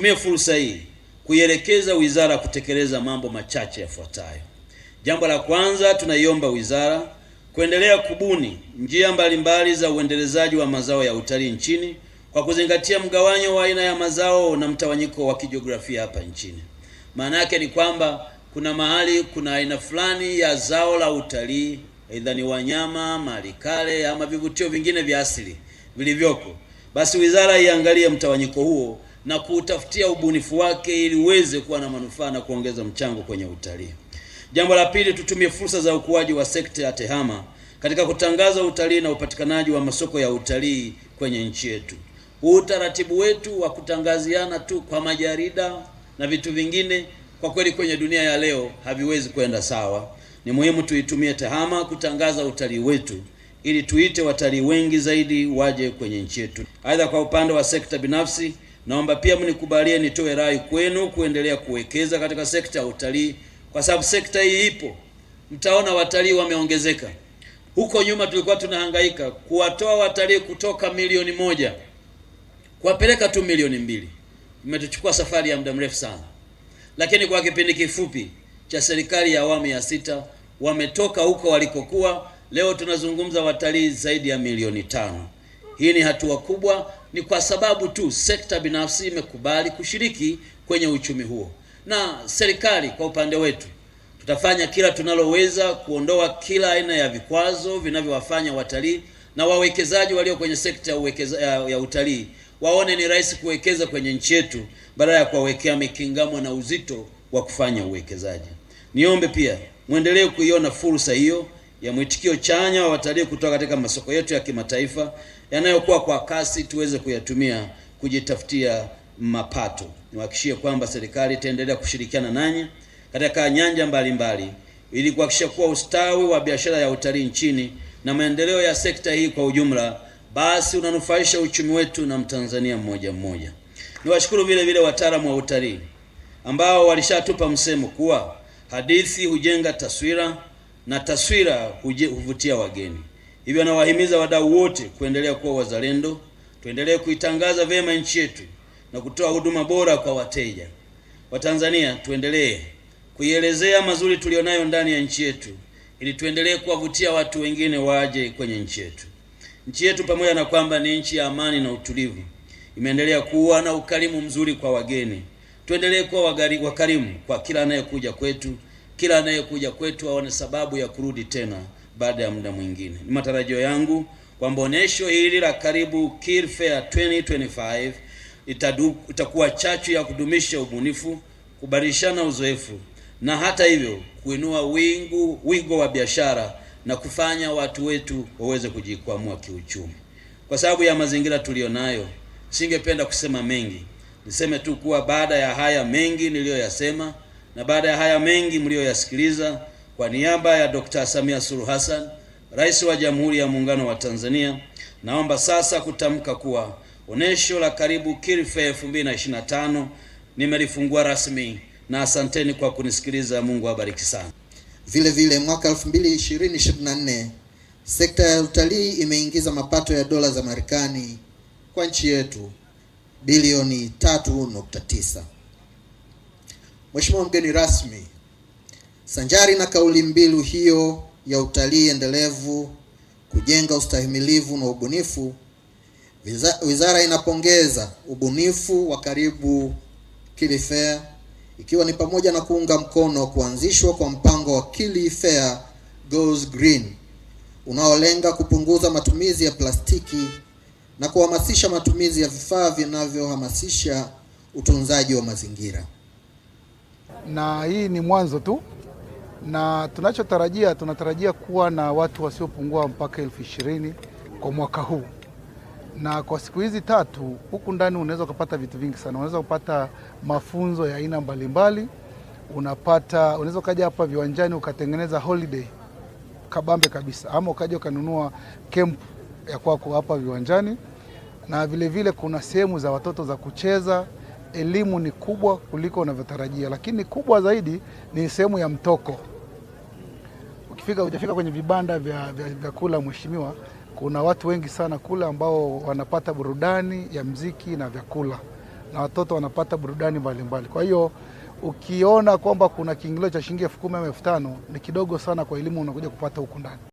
Nitumie fursa hii kuielekeza wizara kutekeleza mambo machache yafuatayo. Jambo la kwanza, tunaiomba wizara kuendelea kubuni njia mbalimbali za uendelezaji wa mazao ya utalii nchini kwa kuzingatia mgawanyo wa aina ya mazao na mtawanyiko wa kijiografia hapa nchini. Maana yake ni kwamba kuna mahali kuna aina fulani ya zao la utalii, aidha ni wanyama, kale ama vivutio vingine vya asili vilivyoko, basi wizara iangalie mtawanyiko huo na kuutafutia ubunifu wake ili uweze kuwa na manufaa na kuongeza mchango kwenye utalii. Jambo la pili, tutumie fursa za ukuaji wa sekta ya tehama katika kutangaza utalii na upatikanaji wa masoko ya utalii kwenye nchi yetu. utaratibu wetu wa kutangaziana tu kwa majarida na vitu vingine, kwa kweli kwenye dunia ya leo haviwezi kwenda sawa. Ni muhimu tuitumie tehama kutangaza utalii wetu ili tuite watalii wengi zaidi waje kwenye nchi yetu. Aidha, kwa upande wa sekta binafsi Naomba pia mnikubalie nitoe rai kwenu kuendelea kuwekeza katika sekta ya utalii, kwa sababu sekta hii ipo. Mtaona watalii wameongezeka. Huko nyuma tulikuwa tunahangaika kuwatoa watalii kutoka milioni moja kuwapeleka tu milioni mbili. Imetuchukua safari ya muda mrefu sana, lakini kwa kipindi kifupi cha serikali ya awamu ya sita wametoka huko walikokuwa. Leo tunazungumza watalii zaidi ya milioni tano. Hii ni hatua kubwa, ni kwa sababu tu sekta binafsi imekubali kushiriki kwenye uchumi huo, na serikali kwa upande wetu tutafanya kila tunaloweza kuondoa kila aina ya vikwazo vinavyowafanya watalii na wawekezaji walio kwenye sekta ya, utalii waone ni rahisi kuwekeza kwenye nchi yetu badala ya kuwawekea mikingamo na uzito wa kufanya uwekezaji. Niombe pia mwendelee kuiona fursa hiyo ya mwitikio chanya wa watalii kutoka katika masoko yetu ya kimataifa yanayokuwa kwa kasi, tuweze kuyatumia kujitafutia mapato. Niwahakikishie kwamba serikali itaendelea kushirikiana nanyi katika nyanja mbalimbali ili kuhakikisha kuwa ustawi wa biashara ya utalii nchini na maendeleo ya sekta hii kwa ujumla basi unanufaisha uchumi wetu na Mtanzania mmoja mmoja. Niwashukuru vile vile wataalamu wa utalii ambao walishatupa msemo kuwa hadithi hujenga taswira na taswira huje, huvutia wageni. Hivyo nawahimiza wadau wote kuendelea kuwa wazalendo, tuendelee kuitangaza vyema nchi yetu na kutoa huduma bora kwa wateja. Watanzania, tuendelee kuielezea mazuri tuliyonayo ndani ya nchi yetu ili tuendelee kuwavutia watu wengine waje kwenye nchi yetu. Nchi yetu pamoja na kwamba ni nchi ya amani na utulivu, imeendelea kuwa na ukarimu mzuri kwa wageni. Tuendelee kuwa wakarimu kwa kila anayekuja kwetu kila anayekuja kwetu aone sababu ya kurudi tena baada ya muda mwingine. Ni matarajio yangu kwamba onyesho hili la karibu Kier Fair 2025 itadu, itakuwa chachu ya kudumisha ubunifu, kubadilishana uzoefu na hata hivyo kuinua wingu wigo wa biashara na kufanya watu wetu waweze kujikwamua kiuchumi. Kwa sababu ya mazingira tuliyonayo, singependa kusema mengi, niseme tu kuwa baada ya haya mengi niliyoyasema na baada ya haya mengi mliyoyasikiliza, kwa niaba ya Dr. Samia Suluhu Hassan, Rais wa Jamhuri ya Muungano wa Tanzania, naomba sasa kutamka kuwa onesho la karibu Kilifi 2025 nimelifungua rasmi na asanteni kwa kunisikiliza. Mungu awabariki sana. Vile vile mwaka 2024 sekta ya utalii imeingiza mapato ya dola za Marekani kwa nchi yetu bilioni 3.9. Mheshimiwa mgeni rasmi, sanjari na kauli mbilu hiyo ya utalii endelevu kujenga ustahimilivu na ubunifu, wizara inapongeza ubunifu wa Karibu Kili Fair ikiwa ni pamoja na kuunga mkono kuanzishwa kwa mpango wa Kili Fair Goes Green unaolenga kupunguza matumizi ya plastiki na kuhamasisha matumizi ya vifaa vinavyohamasisha utunzaji wa mazingira na hii ni mwanzo tu, na tunachotarajia tunatarajia kuwa na watu wasiopungua mpaka elfu ishirini kwa mwaka huu, na kwa siku hizi tatu huku ndani unaweza ukapata vitu vingi sana. Unaweza kupata mafunzo ya aina mbalimbali, unapata unaweza ukaja hapa viwanjani ukatengeneza holiday kabambe kabisa, ama ukaja ukanunua camp ya kwako hapa viwanjani, na vilevile vile kuna sehemu za watoto za kucheza elimu ni kubwa kuliko unavyotarajia, lakini kubwa zaidi ni sehemu ya mtoko. Ukifika ujafika kwenye vibanda vya, vya, vya kula, mheshimiwa, kuna watu wengi sana kula ambao wanapata burudani ya mziki na vyakula na watoto wanapata burudani mbalimbali. Kwa hiyo ukiona kwamba kuna kiingilio cha shilingi elfu kumi ama elfu tano ni kidogo sana kwa elimu unakuja kupata huku ndani.